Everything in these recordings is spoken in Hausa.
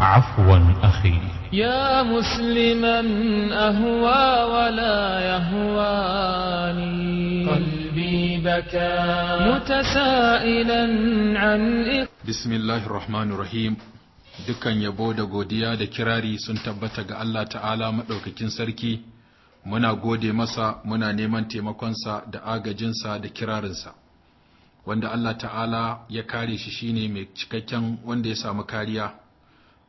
عفوا أخي يا مسلما أهوى ولا يهواني قلبي بكى متسائلا عن بسم الله الرحمن الرحيم dukan yabo da godiya da kirari sun tabbata ga Allah ta'ala maɗaukakin sarki muna gode masa muna neman taimakonsa da agajinsa da kirarinsa wanda Allah ta'ala ya kare shi shine mai cikakken wanda ya samu kariya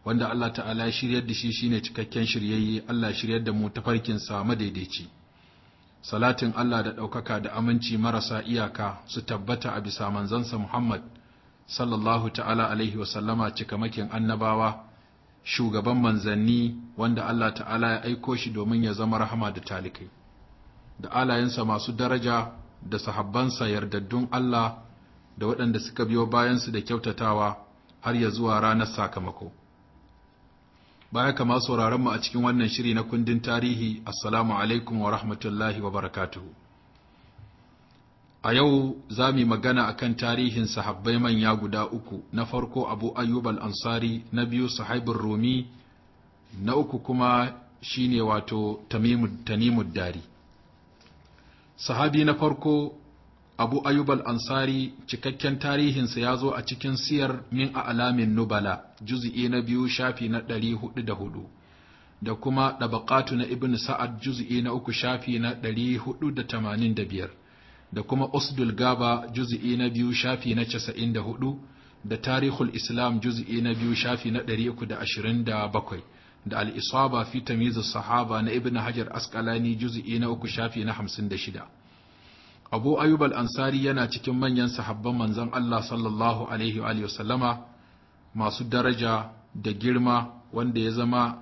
wanda Allah ta'ala ya shiryar da shi shine cikakken shiryayye Allah shiryar da mu tafarkin sa madaidaici salatin Allah da ɗaukaka da aminci marasa iyaka su tabbata a bisa manzansa Muhammad sallallahu ta'ala alaihi wa sallama cikamakin annabawa shugaban manzanni wanda Allah ta'ala ya aiko shi domin ya zama rahama da talikai da alayensa masu daraja da sahabbansa yardaddun Allah da waɗanda suka biyo bayansu da kyautatawa har ya zuwa ranar sakamako baya kama sauraron mu a cikin wannan shiri na kundin tarihi assalamu alaikum wa rahmatullahi wa barakatuhu a yau za mu magana a kan tarihin sahabbai manya guda uku na farko abu ayyub al-ansari na biyu sahibin rumi na uku kuma shine wato tamimud dari sahabi na farko Abu Ayyub al-Ansari cikakken tarihinsa ya zo a cikin siyar min a alamin nubala, juzi'i na biyu shafi na ɗari hudu da hudu, da kuma ɗabaƙatu na Ibn Sa'ad juzi'i na uku shafi na ɗari hudu da tamanin da biyar, da kuma Usdul Gaba juzi'i na biyu shafi na casa'in da hudu, da Tarihul Islam juzi'i na biyu shafi na ɗari uku da ashirin da bakwai, da Al-Isaba fi Tamizu Sahaba na Ibn Hajar Asqalani juzi'i na uku shafi na hamsin da shida. Abu Ayyub al-Ansari yana cikin manyan sahabban manzon Allah sallallahu alaihi wa sallama masu daraja da girma wanda ya zama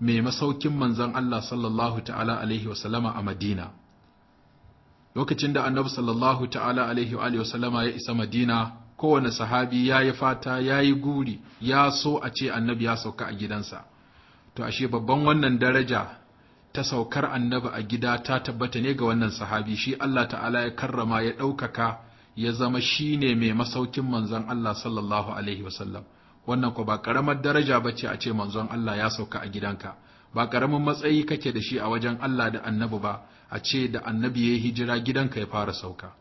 mai masaukin manzon Allah sallallahu ta'ala alaihi sallama a Madina. Lokacin da Annabi sallallahu ta'ala alaihi wa sallama ya isa Madina, kowane sahabi ya yi fata, ya yi guri, ya so a ce Annabi ya sauka a gidansa. To ashe babban wannan daraja ta saukar annabi a gida ta tabbata ne ga wannan sahabi shi Allah ta'ala ya karrama ya ɗaukaka ya zama shi ne mai masaukin manzon Allah sallallahu alaihi wasallam wannan ko ba ƙaramar daraja ba ce a ce manzon Allah ya sauka a gidanka ba ƙaramin matsayi kake da shi a wajen Allah da annabi ba a ce da annabi ya yi hijira gidanka ya fara sauka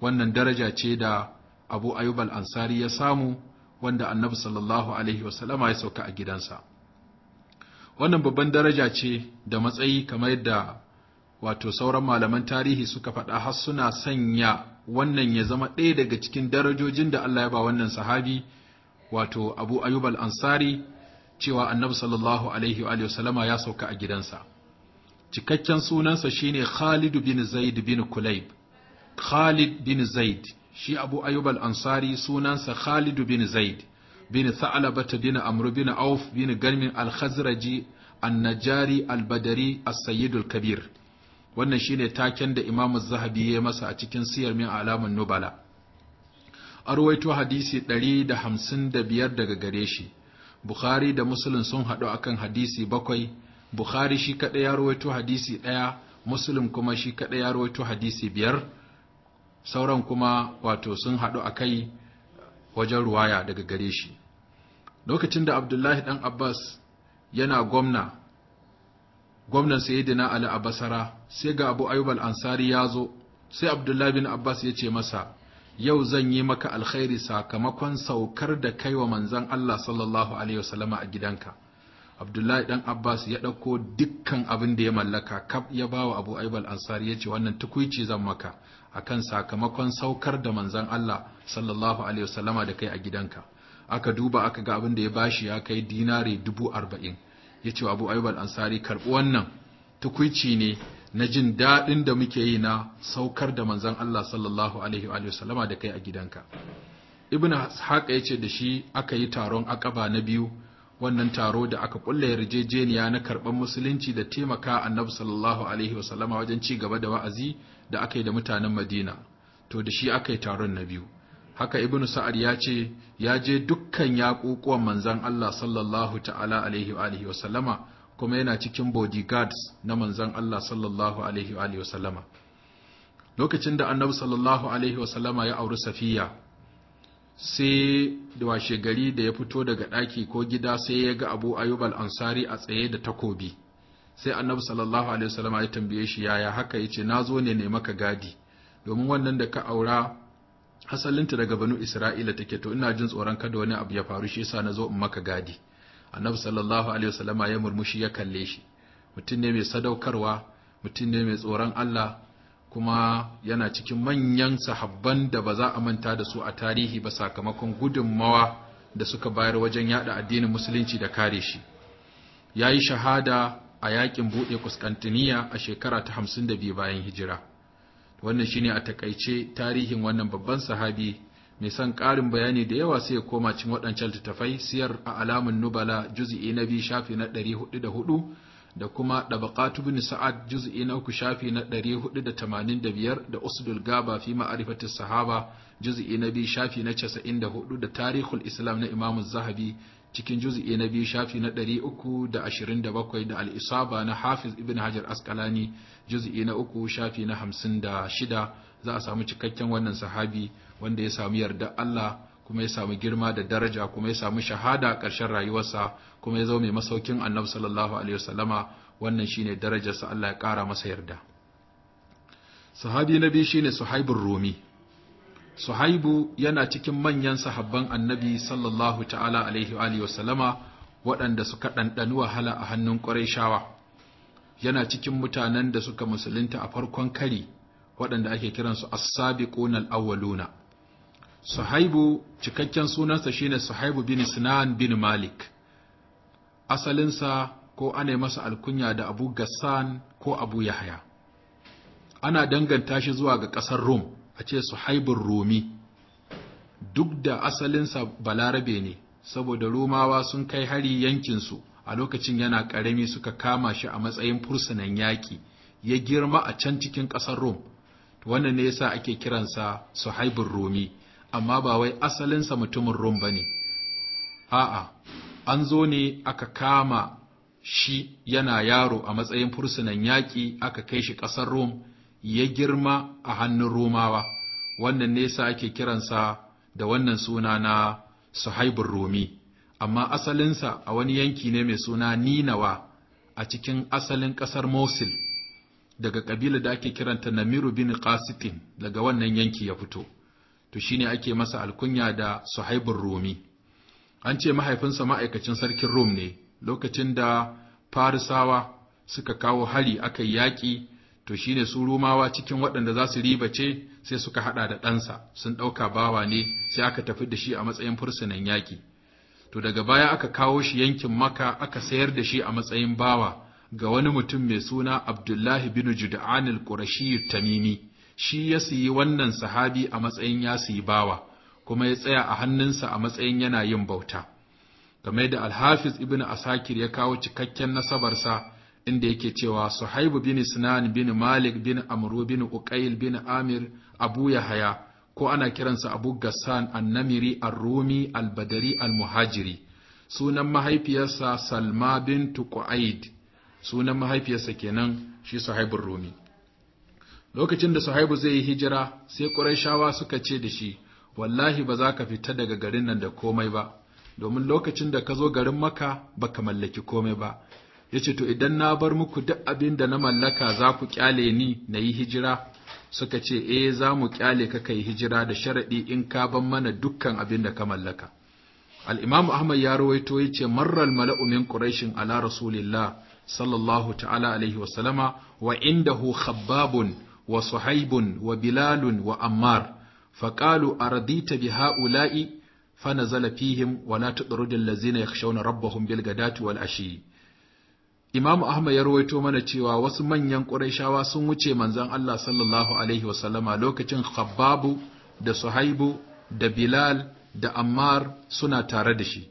wannan daraja ce da Abu Ayyub ansari ya samu wanda annabi sallallahu alaihi wasallama ya sauka a gidansa wannan babban daraja ce da matsayi kamar yadda wato sauran malaman tarihi suka faɗa har suna sanya wannan ya zama ɗaya daga cikin darajojin da Allah ya ba wannan sahabi wato Abu Ayyub al-Ansari cewa Annabi sallallahu alaihi wa sallama ya sauka a gidansa cikakken sunansa shine Khalid bin Zaid bin Kulayb Khalid bin Zaid shi Abu Ayyub al-Ansari sunansa Khalid bin Zaid bin Bata, bin Amr bin Auf bin Garmin al-Khazraji an-Najari al kabir wannan shine taken da Imam zahabi ya masa a cikin siyar min alamun nubala arwaito hadisi 155 daga gare shi Bukhari da Muslim sun haɗu akan hadisi bakwai Bukhari shi kaɗai ya hadisi ɗaya Muslim kuma shi kaɗai ya hadisi biyar sauran kuma wato sun haɗu a kai wajen ruwaya daga gare shi lokacin da abdullahi ɗan abbas yana gwamna gwamnan sayyidina ali a basara sai ga abu ayyub ansari ya zo sai abdullahi bin abbas ya ce masa yau zan yi maka alkhairi sakamakon saukar da kai wa manzan Allah sallallahu alaihi wasallama a gidanka Abdullahi ɗan Abbas ya ɗauko dukkan abin da ya mallaka kaf ya bawa Abu Ayyub al-Ansari ce wannan tukuici zan maka akan sakamakon saukar da manzan Allah sallallahu alaihi wasallama da kai a gidanka aka duba aka ga abin da ya bashi ya kai dinare dubu arba'in ya ce abu ayyubal ansari karɓi wannan tukuici ne na jin daɗin da muke yi na saukar da manzan Allah sallallahu alaihi wa sallama da kai a gidanka ibn haka ya ce da shi aka yi taron akaba na biyu wannan taro da aka kulle yarjejeniya na karɓar musulunci da taimaka annabi sallallahu alaihi wa sallama wajen ci gaba da wa'azi da aka yi da mutanen madina to da shi aka yi taron na biyu haka ibnu sa'ad ya ce ya je dukkan yaƙuƙuwan manzan Allah sallallahu ta'ala alaihi wa alihi wa sallama kuma yana cikin bodyguards na manzan Allah sallallahu alaihi wa alihi wa sallama lokacin da annabi sallallahu alaihi wa sallama ya auri safiya sai da washe gari da ya fito daga ɗaki ko gida sai ya ga abu ayyub al-ansari a tsaye da takobi sai annabi sallallahu alaihi wasallama ya tambaye shi yaya haka yace nazo ne ne maka gadi domin wannan da ka aura hasalinta daga banu Isra'ila take to ina jin tsoron kada wani abu ya faru shi yasa na zo in maka gadi annabi sallallahu alaihi wasallama ya murmushi ya kalle shi mutum ne mai sadaukarwa mutum ne mai tsoron Allah kuma yana cikin manyan sahabban da ba za a manta da su a tarihi ba sakamakon gudunmawa da suka bayar wajen yada addinin musulunci da kare shi ya yi shahada a yakin buɗe Kuskantiniya a shekara ta 52 bayan hijira wannan shine a takaice tarihin wannan babban sahabi mai son ƙarin bayani da yawa sai ya koma cin waɗancan littattafai siyar a alamun nubala juz'i na biyu shafi na 404 da kuma dabaqatu bin sa'ad juz'i na uku shafi na 485 da usdul gaba fi ma'rifati sahaba juz'i na biyu shafi na 94 da tarihul islam na imamu zahabi cikin juz'i na biyu shafi na ɗari 327 da da bakwai al-Isaba na Hafiz Ibn Hajar askalani juz'i na uku shafi na hamsin 56 za a samu cikakken wannan sahabi wanda ya samu yarda Allah kuma ya samu girma da daraja kuma ya samu shahada a ƙarshen rayuwarsa kuma ya zama mai masaukin Annabi sallallahu alaihi wasallama wannan shine darajarsa Allah ya ƙara masa yarda sahabi na biyu shine Suhaibun Rumi Suhaibu yana cikin manyan sahabban annabi sallallahu ta'ala alaihi wa sallama waɗanda suka ɗanɗani wahala a hannun ƙwarai yana cikin mutanen da suka musulunta a farkon kari waɗanda ake kiransu as-sabiquna al-awwaluna Suhaibu cikakken sunansa shine Suhaibu bin Sinan bin Malik asalinsa ko ana masa alkunya da Abu Gassan ko Abu Yahya ana danganta shi zuwa ga ƙasar Rome a ce suhaibun rumi duk da asalinsa balarabe ne saboda romawa sun kai hari yankinsu a lokacin yana ƙarami suka kama shi a matsayin fursunan yaƙi ya girma a can cikin ƙasar rom wannan ne yasa ake kiransa suhaibun rumi amma ba wai asalinsa mutumin rom ba ne a'a an zo ne aka kama shi yana yaro a matsayin fursunan yaƙi aka kai shi ƙasar Rom ya girma a hannun Romawa, wannan nesa ake kiransa da wannan suna na Suhaibun Rumi, amma asalinsa a wani yanki ne mai suna Ninawa a cikin asalin ƙasar Mosul, daga ƙabila da ake kiranta Namiru bin Qasitin daga wannan yanki ya fito, to shi ne ake masa alkunya da Suhaibun Rumi. An ce mahaifinsa ma'aikacin sarkin Rom ne, lokacin da Farisawa suka kawo hari aka yaƙi to shine su rumawa cikin waɗanda za su riba ce sai suka haɗa da ɗansa sun ɗauka bawa ne sai aka tafi da shi a matsayin fursunan yaƙi to daga baya aka kawo shi yankin maka aka sayar da shi a matsayin bawa ga wani mutum mai suna abdullahi bin jud'an al-qurashi tamimi shi ya siyi wannan sahabi a matsayin ya siyi bawa kuma ya tsaya a hannunsa a matsayin yana yin bauta kamar da alhafiz ibn asakir ya kawo cikakken nasabarsa inda yake cewa Suhaibu bin Sinan bin Malik bin Amru bin Uqail bin Amir Abu Yahaya ko ana kiransa Abu Gassan Annamiri Ar-Rumi Al-Badari Al-Muhajiri sunan mahaifiyarsa Salma bin Tuqaid sunan mahaifiyarsa kenan shi Suhaibur Rumi lokacin da Suhaibu zai yi hijira sai Qurayshawa suka ce da shi wallahi ba za ka fita daga garin nan da komai ba domin lokacin da ka zo garin maka baka mallaki komai ba yace to idan na bar muku duk abin da na mallaka za ku kyale ni na yi hijira suka ce eh za mu kyale ka kai hijira da sharadi in ka ban mana dukkan abin da ka mallaka al-imam ahmad ya rawaito yace marral mala'u min quraishin ala rasulillah sallallahu ta'ala alaihi wa sallama wa indahu khabbabun wa suhaibun wa bilalun wa ammar faqalu aradita bi ha'ula'i fanazala fihim wa la tudrudil ladzina yakhshawna rabbahum bil gadati wal ashi Imam Ahmad ya rawaito mana cewa wasu manyan Qurayshawa sun wuce manzon Allah sallallahu alaihi wasallama lokacin Khabbabu da Suhaibu da Bilal da Ammar suna tare da shi.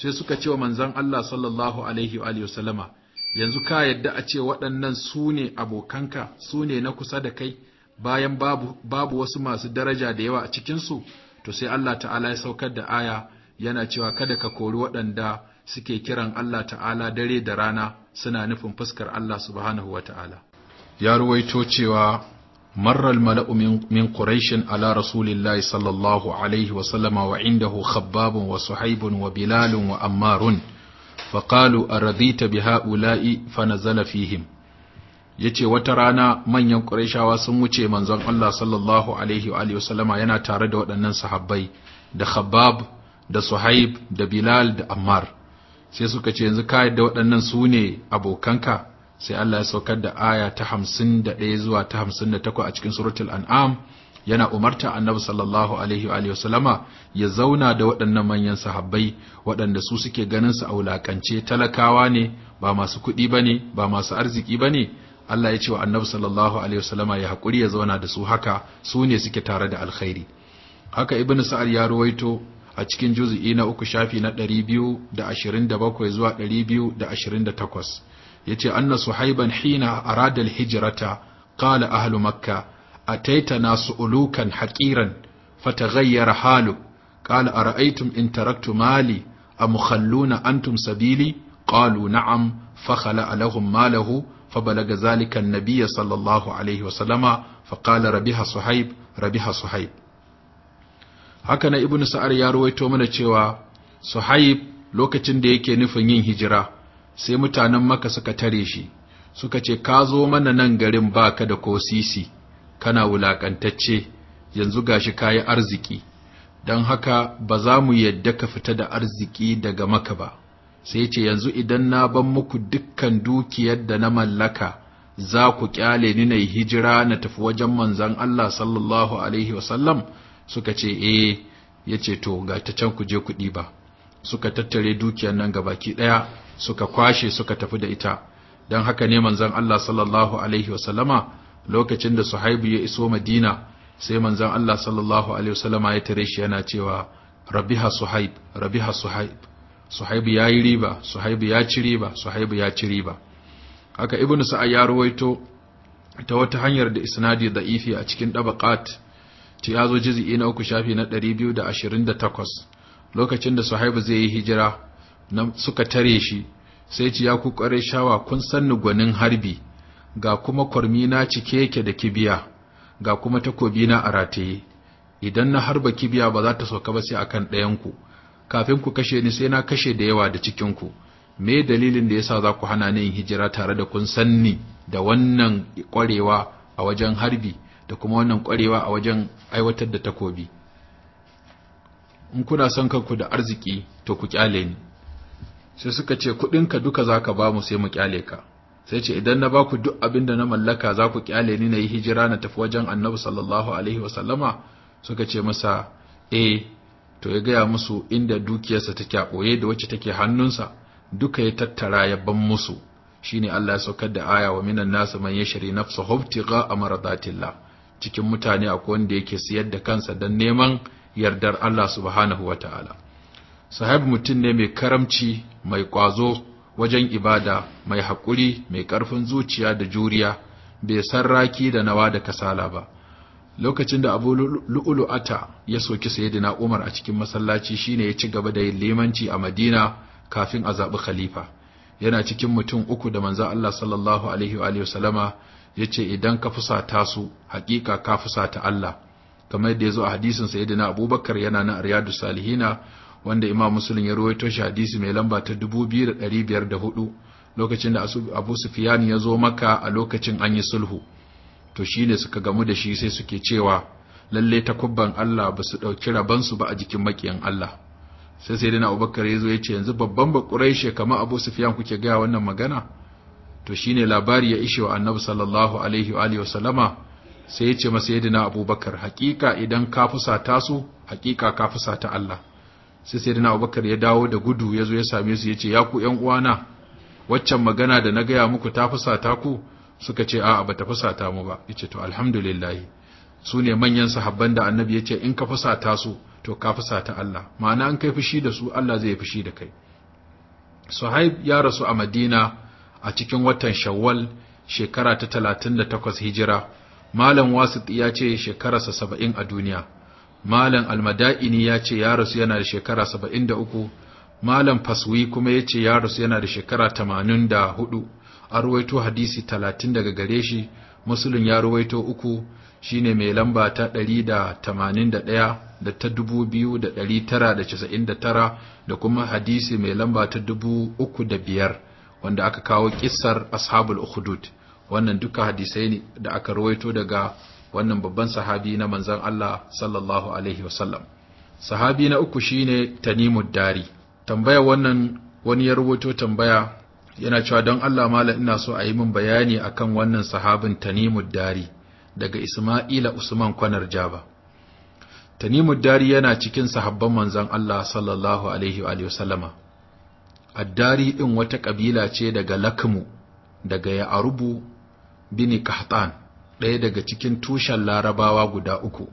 Sai suka ce wa manzon Allah sallallahu alaihi wa wasallama yanzu ka yadda a ce waɗannan su ne abokanka su ne na kusa da kai bayan babu, babu wasu masu daraja da yawa a cikinsu to sai Allah ta'ala ya saukar da aya yana cewa kada ka kori waɗanda suke kiran Allah ta'ala dare da rana suna nufin fuskar Allah subhanahu wa ta'ala. Ya ruwaito cewa marar mala'u min Quraishin ala Rasulillahi sallallahu Alaihi wa indahu khabbabun wa suhaibun wa bilalun wa ammarun, faƙalu a radita bi ha'ula'i fanazala fihim. Ya ce wata rana manyan Qurayshawa sun wuce manzon Allah sallallahu Alaihi wasallama yana tare da waɗannan sahabbai da khabbab da suhaib da bilal da ammar. sai suka ce yanzu ka yadda waɗannan su ne abokanka sai Allah ya saukar da aya ta hamsin da ɗaya zuwa ta hamsin da takwa a cikin suratul an'am yana umarta annabi sallallahu alaihi wa sallama ya zauna da waɗannan manyan sahabbai waɗanda su suke ganin su a wulakance talakawa ne ba masu kuɗi ba ne, ba masu arziki ne. Allah ya ce wa annabi sallallahu alaihi wa sallama ya haƙuri ya zauna da su haka su ne suke tare da alkhairi haka ibnu sa'ad ya ruwaito a cikin juz'i na uku shafi na ɗari biyu da ashirin bakwai zuwa ɗari biyu da da ashirin 228 yace anna suhaiban hina arada hijirata. qala ahlu makka ataitana su'ulukan haƙiran fataghayyara halu qala ara'aytum in taraktu mali amukhalluna antum sabili qalu na'am fakhala lahum malahu فبلغ ذلك النبي صلى الله عليه وسلم فقال ربها صهيب ربها صهيب haka na ibnu sa'ar ya ruwaito mana cewa suhaib lokacin da yake nufin yin hijira sai mutanen maka suka tare shi suka ce ka zo mana nan garin baka da ko sisi kana wulakantacce yanzu gashi kayi arziki don haka ba za mu yadda ka fita da arziki daga maka ba sai ce yanzu idan na ban muku dukkan dukiyar da na mallaka za ku kyale ni na hijira na tafi wajen manzon Allah sallallahu alaihi wasallam suka ce e, ya ce to ga ta can kuje kuɗi ba suka tattare dukiyar nan gabaki ɗaya suka kwashe suka tafi da ita don haka ne manzon Allah sallallahu alaihi wasallama lokacin da Suhaibu ya iso Madina sai manzon Allah sallallahu alaihi wasallama ya tare shi yana cewa rabiha Suhaib rabiha Suhaib Suhaibu ya yi riba Suhaibu ya ci riba Suhaibu ya ci riba haka Ibn sa'ayyar ya ta wata hanyar da isnadi da'ifi a cikin dabaqat ci ya zo jizi'i na uku shafi na ɗari biyu da da ashirin takwas lokacin da suhaibu zai yi hijira suka tare shi sai ci ya ku kware shawa kun san gwanin harbi ga kuma kwarmi na cike yake da kibiya ga kuma takobi na a rataye idan na harba kibiya ba za ta sauka ba sai akan ɗayanku kafin ku kashe ni sai na kashe da yawa da cikinku me dalilin da yasa za ku hana ni yin hijira tare da kun sanni da wannan kwarewa a wajen harbi da kuma wannan kwarewa a wajen aiwatar da takobi in kuna son kanku da arziki to ku kyale ni sai suka ce kuɗinka duka zaka ka ba mu sai mu kyale ka sai ce idan na ba ku duk abin da na mallaka za ku kyale ni na yi hijira na tafi wajen annabi sallallahu alaihi wasallama suka ce masa E, to ya gaya musu inda dukiyarsa take a ɓoye da wacce take hannunsa duka ya tattara ya ban musu shine Allah ya saukar da aya wa minan nasu man yashri nafsahu ibtigha amradatillah cikin mutane akwai wanda yake siyar da kansa don neman yardar Allah subhanahu wa ta'ala. Sahib mutum ne mai karamci, mai ƙwazo wajen ibada, mai haƙuri, mai ƙarfin zuciya da juriya, bai san raki da nawa da kasala ba. Lokacin da Abu Lu'ulu'ata ya soki Sayyidina Umar a cikin masallaci shine ya ci gaba da yin limanci a Madina kafin a zaɓi khalifa. Yana cikin mutum uku da manzo Allah sallallahu alaihi wa sallama ya ce idan ka fusata su hakika ka fusata Allah kamar yadda ya zo a hadisin sayyidina abubakar yana na riyadu salihina wanda imam muslim ya rawaito shi hadisi mai lamba ta 2504 lokacin da abu sufyan ya zo maka a lokacin an yi sulhu to shi ne suka gamu da shi sai suke cewa lalle takubban Allah ba su ɗauki rabansu ba a jikin makiyan Allah sai sai na abubakar ya zo ya ce yanzu babban bakurai kamar abu sufiyan kuke gaya wannan magana to shine labari ya ishe wa annabi sallallahu alaihi wa alihi wasallama sai ya ce masa yadina abubakar hakika idan ka fusata su hakika ka fusata Allah sai sayyidina abubakar ya dawo da gudu ya zo ya same su ya ce ya ku ’yan uwana waccan magana da na gaya muku ta fusata ku suka ce a'a ba ta fusata mu ba ya to alhamdulillah su ne manyan sahabban da annabi ya ce in ka fusata su to ka fusata Allah ma'ana an kai fushi da su Allah zai fushi da kai Suhaib ya rasu a Madina a cikin watan Shawwal shekara ta talatin da takwas Hijira. Malam Wasit ya ce shekararsa saba'in a duniya. Malam Almada'ini ya ce ya rasu yana da shekara saba'in da uku. Malam Faswi kuma ya ce ya rasu yana da shekara tamanin da hudu. An ruwaito hadisi talatin daga gare shi, Musulun ya ruwaito uku shine mai lamba ta ɗari da tamanin da da ta dubu biyu da tara tara da da da casa'in kuma hadisi mai lamba ta dubu uku da biyar. wanda aka kawo kissar ashabul ukhdud wannan duka hadisai ne da aka rawaito daga wannan babban sahabi na manzon Allah sallallahu alaihi wasallam sahabi na uku shine tanimud dari tambaya wannan wani ya rubuto tambaya yana cewa don Allah malam ina so a yi min bayani akan wannan sahabin tanimud dari daga Isma'ila Usman Kwanar Jaba tanimud dari yana cikin sahabban manzon Allah sallallahu alaihi wa sallama addari ɗin wata ƙabila ce daga lakmu daga ya'arubu bini kahtan ɗaya daga cikin tushen larabawa guda uku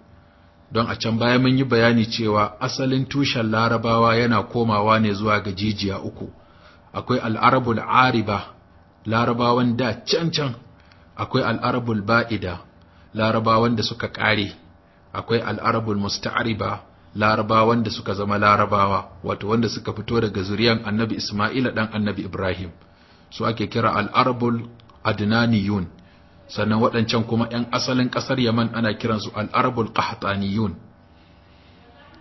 don a can baya mun yi bayani cewa asalin tushen larabawa yana komawa ne zuwa ga jijiya uku akwai al'arabul ariba larabawan da can can akwai al'arabul ba'ida larabawan da suka ƙare akwai al'arabul musta'ariba larabawa wanda suka zama larabawa wato wanda suka fito daga zuriyan annabi Ismaila dan annabi Ibrahim su ake kira al-arabul adnaniyun sannan waɗancan kuma 'yan asalin ƙasar Yaman ana kiransu al-arabul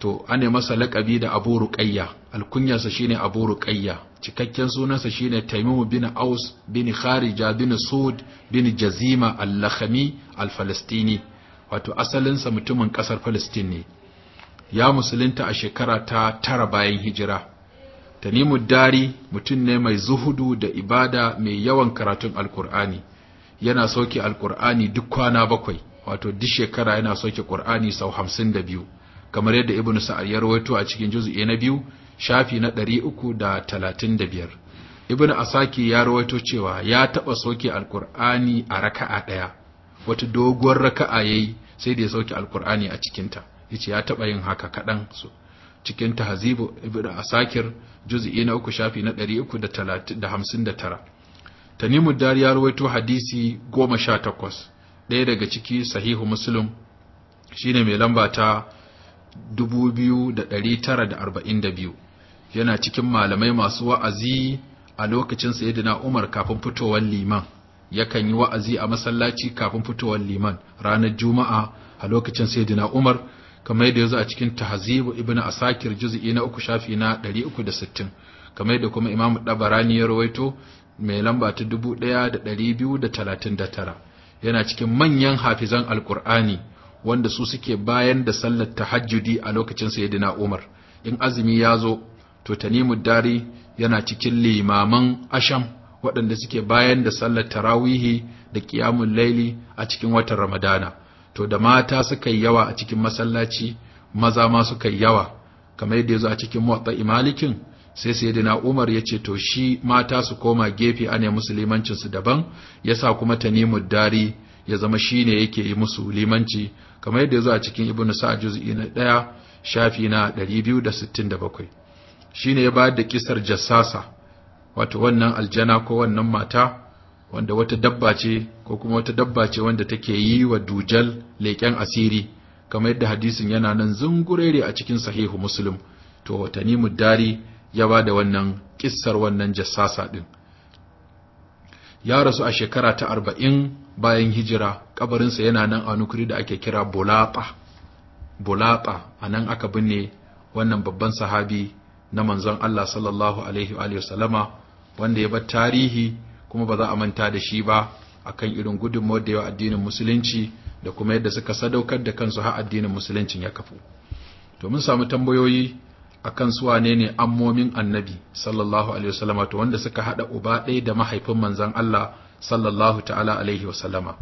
to ane masa laƙabi da Abu Ruqayya alkunyarsa shine Abu Rukayya. cikakken sunansa shine Taymimu bin Aus bin Kharija bin Sud bin Jazima al-Lakhmi al-Falastini wato asalinsa mutumin ƙasar falastin ne ya musulunta a shekara ta tara bayan hijira tanimu dari mutum ne mai zuhudu da ibada mai yawan karatun alkur'ani yana soke alkur'ani duk kwana bakwai wato duk shekara yana soke qur'ani sau hamsin da biyu kamar yadda ibn sa'ad ya rawaito a cikin juz'i na biyu shafi na ɗari uku da talatin da biyar ibn asaki ya rawaito cewa ya taɓa soke alkur'ani a raka'a ɗaya wata doguwar raka'a yayi sai da ya soke alkur'ani a cikinta yace ya taba yin haka kadan su cikin tahzibu ibn asakir juz'i na uku shafi na 359 tanimu dar ya rawaito hadisi 18 ɗaya daga ciki sahihu muslim shine mai lamba ta 2942 yana cikin malamai masu wa'azi a lokacin sayyidina Umar kafin fitowar liman yakan yi wa'azi a masallaci kafin fitowar liman ranar juma'a a lokacin sayyidina Umar kamar yadda yazo a cikin tahzibu ibn asakir juz'i na uku shafi na 360 kamar yadda kuma imamu dabarani ya rawaito mai lamba ta 1239 yana cikin manyan hafizan alqur'ani wanda su suke bayan da sallar tahajjudi a lokacin sayyidina umar in azumi ya zo to Tanimu dari yana cikin limaman asham waɗanda suke bayan da sallar tarawihi da qiyamul laili a cikin watan ramadana to da mata suka yi yawa a cikin masallaci maza ma suka yi yawa kamar yadda yazo a cikin muwatta malikin sai sayyidina Umar ya ce to shi mata su koma gefe ane musu su daban yasa kuma tanimud dari ya zama shine yake yi musu limanci kamar yadda yazo a cikin ibnu sa'd juz'i na 1 shafi na 267 shine ya bayar da kisar jassasa wato wannan aljana ko wannan mata wanda wata dabba ce ko kuma wata dabba ce wanda take yi wa dujal leƙen asiri kamar yadda hadisin yana nan zungurere a cikin sahihu muslim to watani muddari ya ba da wannan kissar wannan jassasa din ya rasu a shekara ta arba'in bayan hijira kabarinsa yana nan a nukuri da ake kira bulaɓa bulaɓa a nan aka binne wannan babban sahabi na manzon Allah sallallahu alaihi wa sallama wanda ya bar tarihi kuma ba za a manta da shi ba akan irin gudunmawar da yawa addinin musulunci da kuma yadda suka sadaukar da kansu har addinin musuluncin ya kafu to mun samu tambayoyi akan su wane ne ammomin annabi sallallahu alaihi wasallama to wanda suka hada uba ɗaya da mahaifin manzon Allah sallallahu ta'ala alaihi wasallama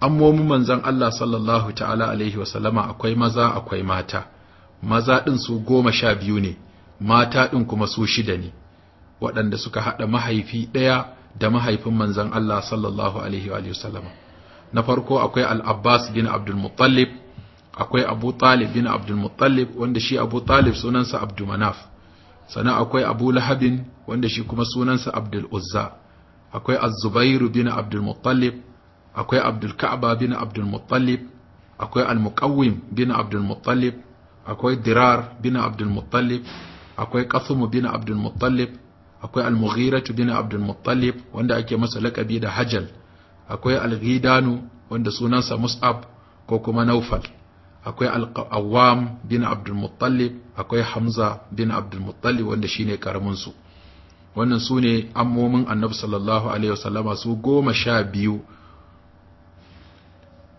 ammomin manzon Allah sallallahu ta'ala alaihi wasallama akwai maza akwai mata maza ɗin su goma sha biyu ne mata ɗin kuma su shida ne waɗanda suka haɗa mahaifi ɗaya da mahaifin manzon Allah sallallahu alaihi wa sallama na farko akwai al-Abbas bin Abdul Muttalib akwai Abu Talib bin Abdul Muttalib wanda shi Abu Talib sunansa Abdul Manaf sannan akwai Abu Lahabin wanda shi kuma sunansa Abdul Uzza akwai Az-Zubair bin Abdul Muttalib akwai Abdul Ka'ba bin Abdul Muttalib akwai Al-Muqawwim bin Abdul Muttalib akwai Dirar bin Abdul Muttalib akwai Qasim bin Abdul Muttalib akwai al mughira bin abdul muttalib wanda ake masa lakabi da hajal akwai al-ghidanu wanda sunansa mus'ab ko kuma naufal akwai al-awwam bin abdul muttalib akwai hamza bin abdul muttalib wanda shine karamin su wannan sune ne ammomin annabi sallallahu alaihi wasallama su goma sha biyu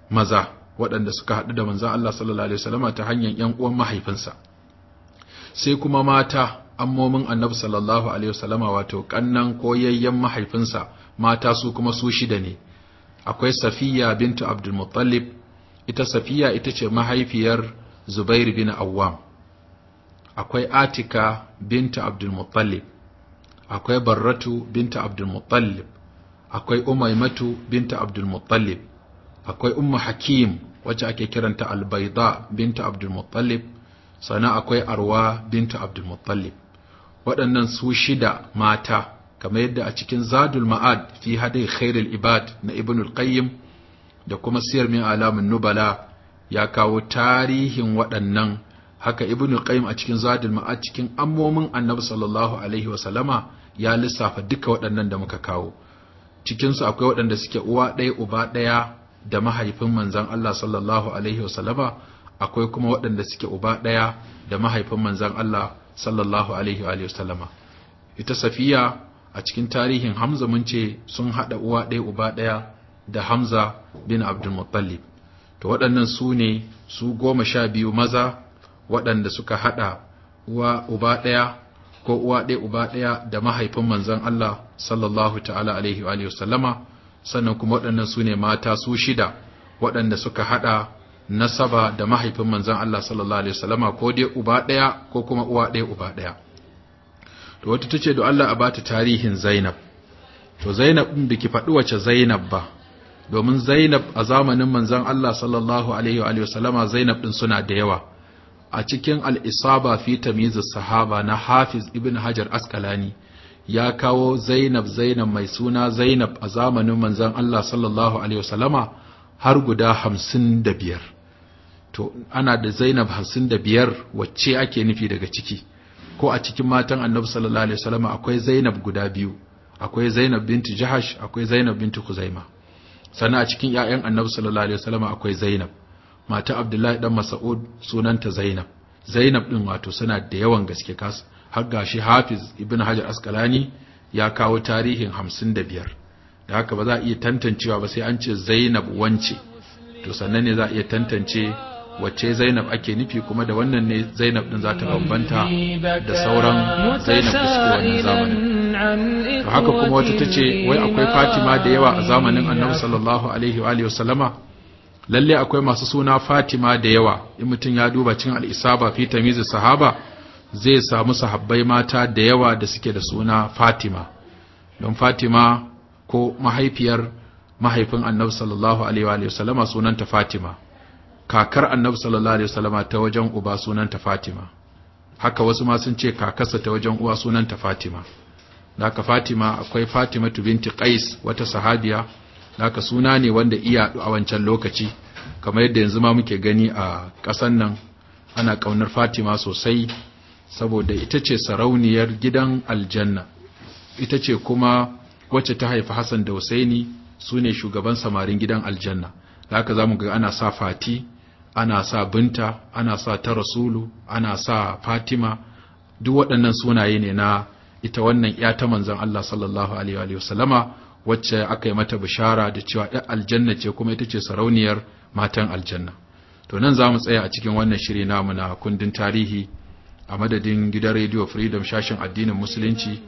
maza waɗanda suka haɗu da manzan Allah sallallahu alaihi wasallama ta hanyar ƴan uwan mahaifinsa sai kuma mata ammomin annabi sallallahu alaihi wasallama wato kannan koyayyen mahaifinsa mata su kuma su shida ne akwai safiya bintu abdul muttalib ita safiya ita ce mahaifiyar zubair bin awwam akwai atika bintu abdul muttalib akwai barratu bintu abdul muttalib akwai umaymatu bintu abdul muttalib akwai ummu hakim wacce ake kiranta albaida bintu abdul muttalib akwai arwa bintu abdul muttalib waɗannan su shida mata kamar yadda a cikin zadul ma'ad fi hadai khairul ibad na ibnul qayyim da kuma siyar min alamun nubala ya kawo tarihin waɗannan haka ibnul qayyim a cikin zadul ma'ad cikin ammomin annabi sallallahu alaihi wa sallama ya lissafa duka waɗannan da muka kawo Cikinsu akwai waɗanda suke uwa ɗaya uba ɗaya da mahaifin manzon Allah sallallahu alaihi wa sallama akwai kuma waɗanda suke uba ɗaya da mahaifin manzon Allah sallallahu alaihi wa sallama ita safiya a cikin tarihin hamza mun ce sun haɗa uwa ɗaya uba ɗaya da hamza bin abdulmuttalib to waɗannan su ne su goma sha biyu maza waɗanda suka haɗa uwa uba ɗaya ko uwa ɗaya uba ɗaya da mahaifin manzon Allah sallallahu ta'ala alaihi wa sallama sannan kuma waɗannan su ne mata su shida waɗanda suka haɗa nasaba da mahaifin manzon Allah sallallahu alaihi wasallama ko dai uba daya ko kuma uwa daya uba daya to wata tace da Allah a bata tarihin Zainab to Zainab din biki faɗi wace Zainab ba domin Zainab a zamanin manzon Allah sallallahu alaihi wa wasallama Zainab din suna da yawa a cikin al-Isaba fi Tamyiz sahaba na Hafiz Ibn Hajar Asqalani ya kawo Zainab Zainab mai suna Zainab a zamanin manzon Allah sallallahu alaihi wasallama har guda hamsin da biyar to ana da zainab hamsin da biyar wacce ake nufi daga ciki ko a cikin matan annabi sallallahu alaihi wasallam akwai zainab guda biyu akwai zainab binti jahash akwai zainab binti kuzaima sannan a cikin 'ya'yan annabi sallallahu alaihi wasallam akwai zainab mata abdullahi dan mas'ud sunanta zainab zainab din wato suna da yawan gaske kas har gashi hafiz ibn hajar asqalani ya kawo tarihin hamsin da biyar. da haka ba za a iya tantancewa ba sai an ce zainab wance to sannan ne za a iya tantance wace zainab ake nufi kuma da wannan ne zainab din za ta bambanta da sauran zainab da suke wannan zamanin to haka kuma wata ta ce wai akwai fatima da yawa a zamanin annabi sallallahu alaihi wa alihi wasallama lalle akwai masu suna fatima da yawa in mutum ya duba cin al'isaba fi tamizu sahaba zai samu sahabbai mata da yawa da suke da suna fatima don fatima ko mahaifiyar mahaifin annabi sallallahu alaihi wasallama sunanta fatima kakar annabi sallallahu alaihi wasallama ta wajen uba sunanta fatima haka wasu ma sun ce kakarsa ta wajen uwa sunanta fatima haka fatima akwai fatima binti qais wata sahabiya haka suna ne wanda iya a wancan lokaci kamar yadda yanzu ma muke gani a ƙasan nan ana ƙaunar fatima sosai saboda ita ce sarauniyar gidan aljanna ita ce kuma wacce ta haifi Hassan da Husaini su ne shugaban samarin gidan aljanna da haka za mu ga ana sa fati ana sa binta ana sa ta rasulu ana sa fatima duk waɗannan sunaye ne na ita wannan ya ta manzon Allah sallallahu alaihi wa wacce aka yi mata bishara da cewa ɗan aljanna ce kuma ita ce sarauniyar matan aljanna to nan za mu tsaya a cikin wannan shiri namu na kundin tarihi a madadin gidan Radio freedom shashin addinin musulunci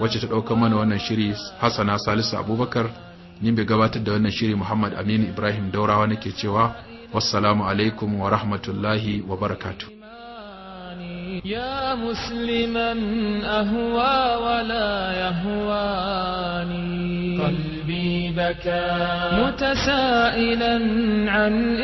wacce ta ɗaukar mana wannan shiri Hassana Salisu Abubakar ni mai gabatar da wannan shiri Muhammad Aminu Ibrahim Daurawa nake cewa wassalamu alaikum wa rahmatullahi wa barakatu يا مسلما أهوى ولا يهواني قلبي بكى متسائلا عن